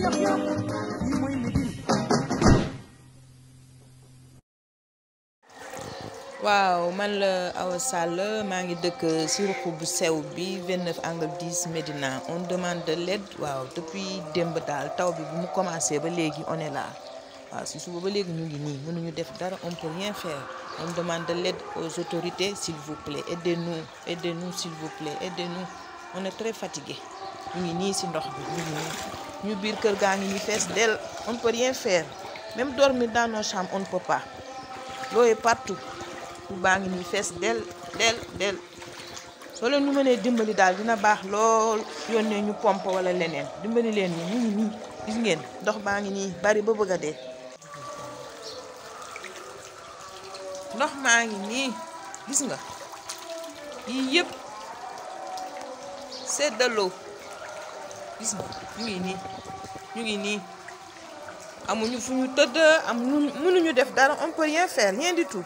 yëpp yëpp waaw man la Awa Sall maa ngi dëkk si ruq bu sew bi 29 angle 10 Médina on demande de waaw depuis démb daal taw bi bu mu commencé ba léegi one est là ci suba ba léegi ñu ngi nii mënuñu def dara on peut rien faire on demande de aux autorités s'il vous plaît aidez-nous aidez-nous s'il vous très fatigué ñu ngi nii ci ndox bi ñu ngi nii ñu biir kër gaa ngi ñu fees dell on peut rien faire même dormir dans nos chambres on pas looyu partout baa ngi ñu fees del del del soo leen ñu mënee dimbali daal dina baax lool yónnee ñu pompe wala leneen dimbali leen ñu ñu nii gis ngeen ndox baa ngi nii bari ba bëgg a dee ndox maa ngi nii gis nga yii yépp seddaloo gis nga ñu ngi nii ñu ngi nii amuñu fu ñu tëdd am ñu def dara on peut rien faire rien du tout